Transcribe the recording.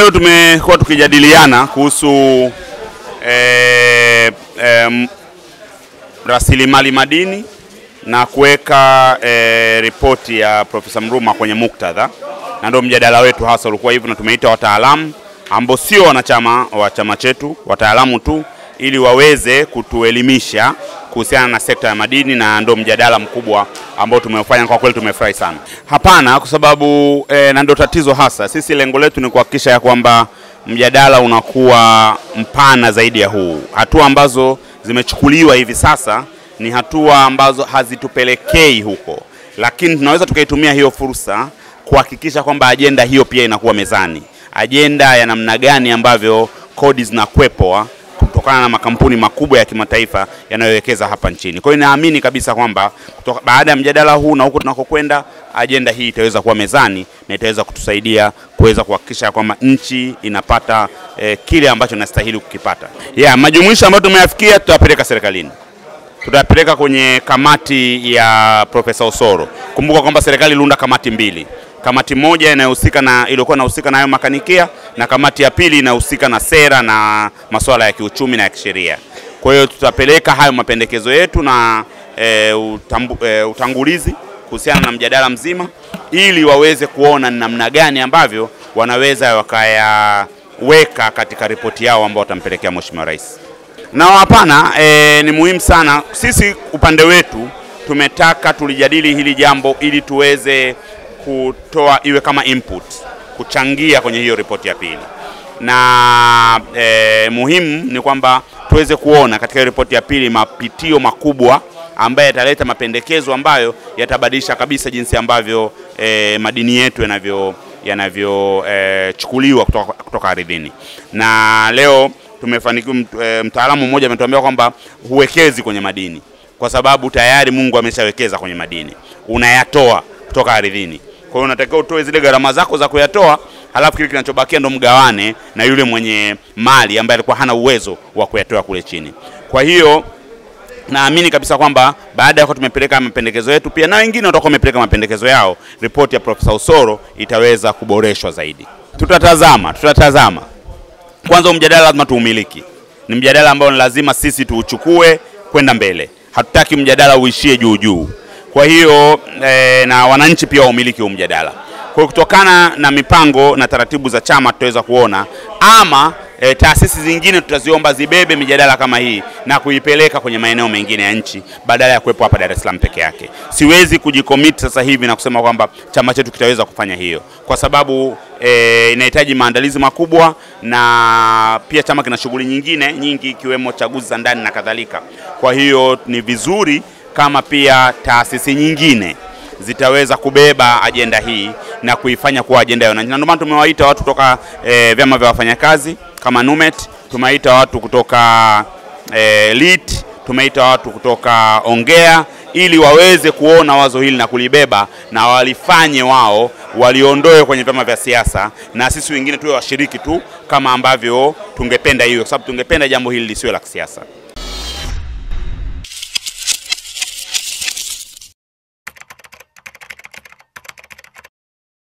leo tumekuwa tukijadiliana kuhusu e, e, rasilimali madini na kuweka e, ripoti ya Profesa Mruma kwenye muktadha, na ndio mjadala wetu hasa ulikuwa hivyo, na tumeita wataalamu ambao sio wanachama wa chama chetu, wataalamu tu, ili waweze kutuelimisha kuhusiana na sekta ya madini, na ndio mjadala mkubwa ambao tumefanya, kwa kweli tumefurahi sana. Hapana, kwa sababu e, na ndio tatizo hasa. Sisi lengo letu ni kuhakikisha ya kwamba mjadala unakuwa mpana zaidi ya huu. Hatua ambazo zimechukuliwa hivi sasa ni hatua ambazo hazitupelekei huko, lakini tunaweza tukaitumia hiyo fursa kuhakikisha kwamba ajenda hiyo pia inakuwa mezani, ajenda ya namna gani ambavyo kodi zinakwepwa kutokana na makampuni makubwa ya kimataifa yanayowekeza hapa nchini. Kwa hiyo naamini kabisa kwamba baada ya mjadala huu na huko tunakokwenda, ajenda hii itaweza kuwa mezani na itaweza kutusaidia kuweza kuhakikisha kwamba nchi inapata eh, kile ambacho inastahili kukipata. Yeah, majumuisho ambayo tumeyafikia tutayapeleka serikalini tutapeleka kwenye kamati ya Profesa Osoro. Kumbuka kwamba serikali iliunda kamati mbili kamati moja inayohusika na iliyokuwa inahusika na hayo makanikia na kamati ya pili inahusika na sera na masuala ya kiuchumi na ya kisheria. Kwa hiyo tutapeleka hayo mapendekezo yetu na e, utambu, e, utangulizi kuhusiana na mjadala mzima ili waweze kuona ni namna gani ambavyo wanaweza wakayaweka katika ripoti yao ambayo watampelekea Mheshimiwa Rais. Na hapana, e, ni muhimu sana sisi upande wetu tumetaka tulijadili hili jambo ili tuweze kutoa iwe kama input kuchangia kwenye hiyo ripoti ya pili, na e, muhimu ni kwamba tuweze kuona katika ripoti ya pili mapitio makubwa ambayo yataleta mapendekezo ambayo yatabadilisha kabisa jinsi ambavyo e, madini yetu yanavyo yanavyochukuliwa eh, e, kutoka, kutoka ardhini. Na leo tumefanikiwa, mtaalamu mmoja ametuambia kwamba huwekezi kwenye madini kwa sababu tayari Mungu ameshawekeza kwenye madini, unayatoa kutoka ardhini kwa hiyo unatakiwa utoe zile gharama zako za kuyatoa, halafu kile kinachobakia ndo mgawane na yule mwenye mali ambaye alikuwa hana uwezo wa kuyatoa kule chini. Kwa hiyo naamini kabisa kwamba baada ya kuwa tumepeleka mapendekezo yetu, pia na wengine watakuwa wamepeleka mapendekezo yao, ripoti ya Profesa Usoro itaweza kuboreshwa zaidi. Tutatazama, tutatazama. Kwanza mjadala lazima tuumiliki, ni mjadala ambao ni lazima sisi tuuchukue kwenda mbele. Hatutaki mjadala uishie juu juu. Kwa hiyo e, na wananchi pia wamiliki huu mjadala. Kwa kutokana na mipango na taratibu za chama tutaweza kuona ama E, taasisi zingine tutaziomba zibebe mijadala kama hii na kuipeleka kwenye maeneo mengine ya nchi badala ya kuwepo hapa Dar es Salaam peke yake. Siwezi kujikomiti sasa hivi na kusema kwamba chama chetu kitaweza kufanya hiyo kwa sababu e, inahitaji maandalizi makubwa na pia chama kina shughuli nyingine nyingi ikiwemo chaguzi za ndani na kadhalika. Kwa hiyo ni vizuri kama pia taasisi nyingine zitaweza kubeba ajenda hii na kuifanya kuwa ajenda ya wananchi. Na ndio maana tumewaita watu kutoka e, vyama vya wafanyakazi kama NUMET, tumewaita watu kutoka e, LIT, tumeita watu kutoka Ongea ili waweze kuona wazo hili na kulibeba na walifanye wao, waliondoe kwenye vyama vya siasa, na sisi wengine tuwe washiriki tu kama ambavyo tungependa hiyo, kwa sababu tungependa jambo hili lisiwe la kisiasa.